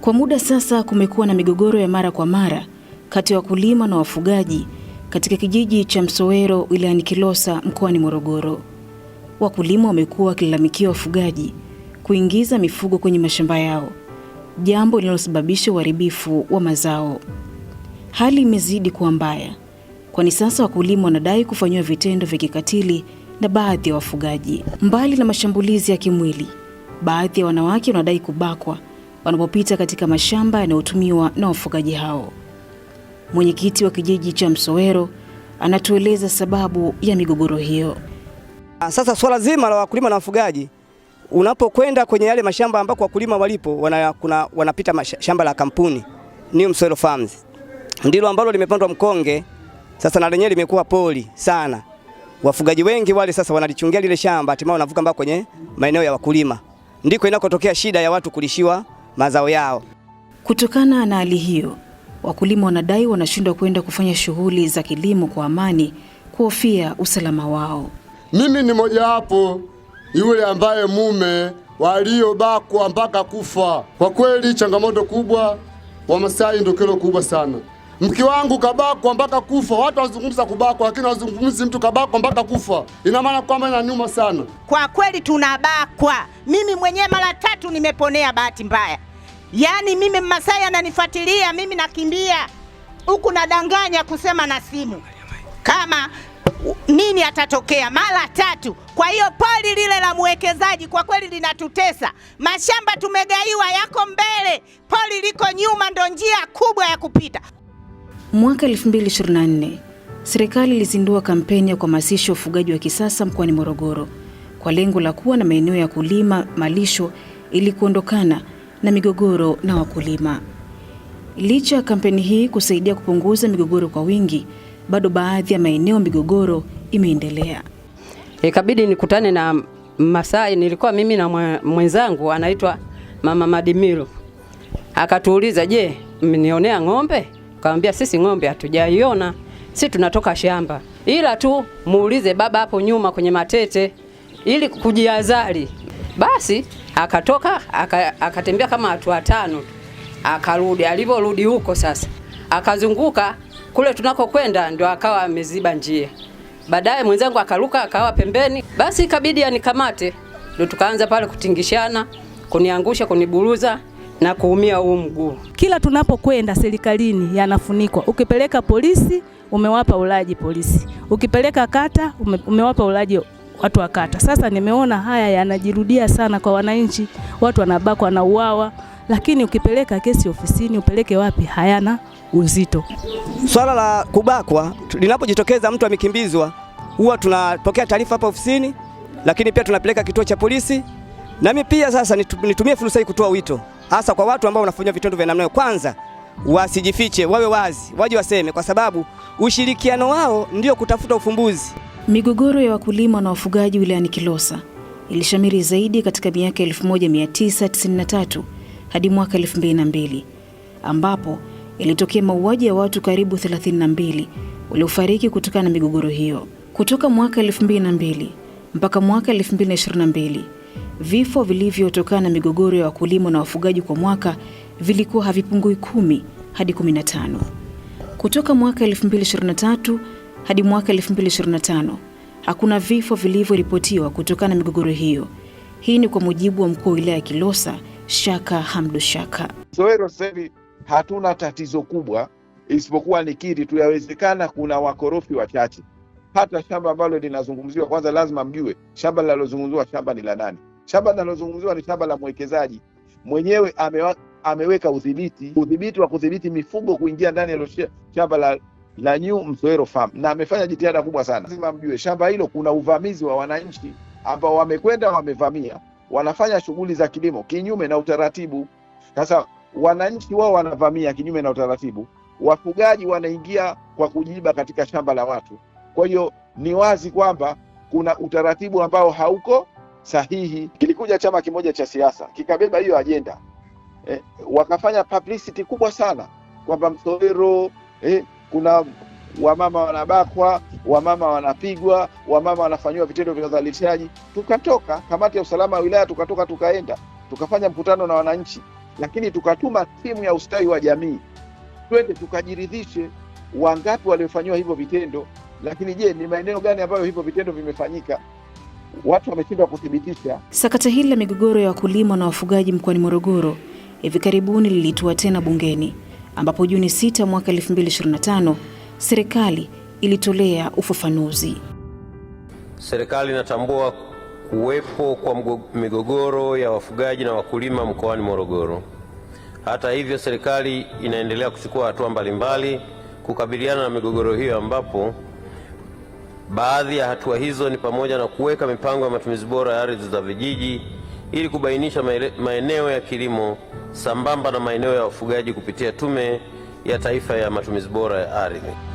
Kwa muda sasa kumekuwa na migogoro ya mara kwa mara kati ya wakulima na wafugaji katika kijiji cha Msowero wilayani Kilosa mkoani Morogoro. Wakulima wamekuwa wakilalamikia wafugaji kuingiza mifugo kwenye mashamba yao, jambo linalosababisha uharibifu wa mazao. Hali imezidi kuwa mbaya, kwani sasa wakulima wanadai kufanyiwa vitendo vya kikatili na baadhi ya wafugaji. Mbali na mashambulizi ya kimwili, baadhi ya wanawake wanadai kubakwa wanapopita katika mashamba yanayotumiwa na wafugaji hao. Mwenyekiti wa kijiji cha Msowero anatueleza sababu ya migogoro hiyo. Ah, sasa swala zima la wakulima na wafugaji, unapokwenda kwenye yale mashamba ambako wakulima walipo wana, kuna, wanapita shamba la kampuni New Msowero Farms ndilo ambalo limepandwa mkonge sasa, na lenyewe limekuwa poli sana. Wafugaji wengi wale sasa wanalichungia lile shamba, hatimaye wanavuka mpaka kwenye maeneo ya wakulima, ndiko inakotokea shida ya watu kulishiwa mazao yao. Kutokana na hali hiyo, wakulima wanadai wanashindwa kwenda kufanya shughuli za kilimo kwa amani, kuhofia usalama wao. Mimi ni mojawapo yule ambaye mume waliobakwa mpaka kufa. Kwa kweli changamoto kubwa Wamasai ndio kero kubwa sana. Mke wangu kabakwa mpaka kufa. Watu wazungumza kubakwa, lakini wazungumzi mtu kabakwa mpaka kufa. Ina maana kwamba ina nyuma sana. Kwa kweli tunabakwa. Mimi mwenyewe mara tatu nimeponea bahati mbaya. Yaani mimi masai ananifuatilia mimi, nakimbia huku, nadanganya kusema na simu kama nini atatokea mara tatu. Kwa hiyo pori lile la mwekezaji kwa kweli linatutesa. Mashamba tumegaiwa yako mbele, poli liko nyuma, ndo njia kubwa ya kupita. Mwaka 2024 serikali ilizindua kampeni ya kuhamasisha ufugaji wa kisasa mkoani Morogoro kwa lengo la kuwa na maeneo ya kulima malisho ili kuondokana na migogoro na wakulima. Licha ya kampeni hii kusaidia kupunguza migogoro kwa wingi, bado baadhi ya maeneo migogoro imeendelea. Ikabidi nikutane na Masai, nilikuwa mimi na mwenzangu anaitwa Mama Madimiro, akatuuliza je, mnionea ng'ombe? Kawambia sisi ng'ombe hatujaiona, si tunatoka shamba, ila tu muulize baba hapo nyuma kwenye matete, ili kujiazari basi akatoka akatembea kama watu watano, akarudi. Alivyorudi huko sasa, akazunguka kule tunakokwenda, ndio akawa ameziba njia. Baadaye mwenzangu akaruka akawa pembeni, basi ikabidi anikamate, ndio tukaanza pale kutingishana, kuniangusha, kuniburuza na kuumia huu mguu. Kila tunapokwenda serikalini yanafunikwa. Ukipeleka polisi, umewapa ulaji polisi. Ukipeleka kata, umewapa ulaji watu wa kata. Sasa nimeona haya yanajirudia sana kwa wananchi, watu wanabakwa, wanauawa, lakini ukipeleka kesi ofisini, upeleke wapi, hayana uzito. Swala la kubakwa linapojitokeza, mtu amekimbizwa, huwa tunapokea taarifa hapa ofisini, lakini pia tunapeleka kituo cha polisi. Nami pia sasa nitumie fursa hii kutoa wito hasa kwa watu ambao wanafanya vitendo vya namna hiyo, kwanza wasijifiche, wawe wazi, waje waseme, kwa sababu ushirikiano wao ndio kutafuta ufumbuzi. Migogoro ya wakulima na wafugaji wilayani Kilosa ilishamiri zaidi katika miaka 1993 hadi mwaka 2002 ambapo ilitokea mauaji ya watu karibu 32 waliofariki kutokana na migogoro hiyo. Kutoka mwaka 2002 mpaka mwaka 2022, vifo vilivyotokana na migogoro ya wakulima na wafugaji kwa mwaka vilikuwa havipungui kumi hadi 15. Kutoka mwaka 2023 hadi mwaka 2025 hakuna vifo vilivyoripotiwa kutokana na migogoro hiyo. Hii ni kwa mujibu wa mkuu wa wilaya ya Kilosa, Shaka Hamdu Shaka. Soero sasa hivi hatuna tatizo kubwa, isipokuwa ni kiri tu. Yawezekana kuna wakorofi wachache. Hata shamba ambalo linazungumziwa, kwanza lazima mjue shamba linalozungumziwa, shamba ni la nani? Shamba linalozungumziwa ni shamba la mwekezaji mwenyewe, amewa, ameweka udhibiti udhibiti wa kudhibiti mifugo kuingia ndani ya shamba la la New Mtowero Farm, na amefanya jitihada kubwa sana. Lazima mjue shamba hilo kuna uvamizi wa wananchi ambao wamekwenda wamevamia, wanafanya shughuli za kilimo kinyume na utaratibu. Sasa wananchi wao wanavamia kinyume na utaratibu, wafugaji wanaingia kwa kujiiba katika shamba la watu. Kwa hiyo ni wazi kwamba kuna utaratibu ambao hauko sahihi. Kilikuja chama kimoja cha siasa kikabeba hiyo ajenda eh, wakafanya publicity kubwa sana kwamba msoero eh, kuna wamama wanabakwa, wamama wanapigwa, wamama wanafanyiwa vitendo vya udhalilishaji. Tukatoka kamati ya usalama wa wilaya, tukatoka tukaenda tukafanya mkutano na wananchi, lakini tukatuma timu ya ustawi wa jamii, twende tukajiridhishe wangapi waliofanyiwa hivyo vitendo, lakini je, ni maeneo gani ambayo hivyo vitendo vimefanyika? Watu wameshindwa kuthibitisha. Sakata hili la migogoro ya wakulima na wafugaji mkoani Morogoro hivi karibuni lilitua tena bungeni ambapo Juni 6 mwaka 2025 serikali ilitolea ufafanuzi. Serikali inatambua kuwepo kwa migogoro ya wafugaji na wakulima mkoani Morogoro. Hata hivyo, serikali inaendelea kuchukua hatua mbalimbali kukabiliana na migogoro hiyo ambapo baadhi ya hatua hizo ni pamoja na kuweka mipango ya matumizi bora ya ardhi za vijiji ili kubainisha maeneo ya kilimo sambamba na maeneo ya wafugaji kupitia Tume ya Taifa ya Matumizi Bora ya Ardhi.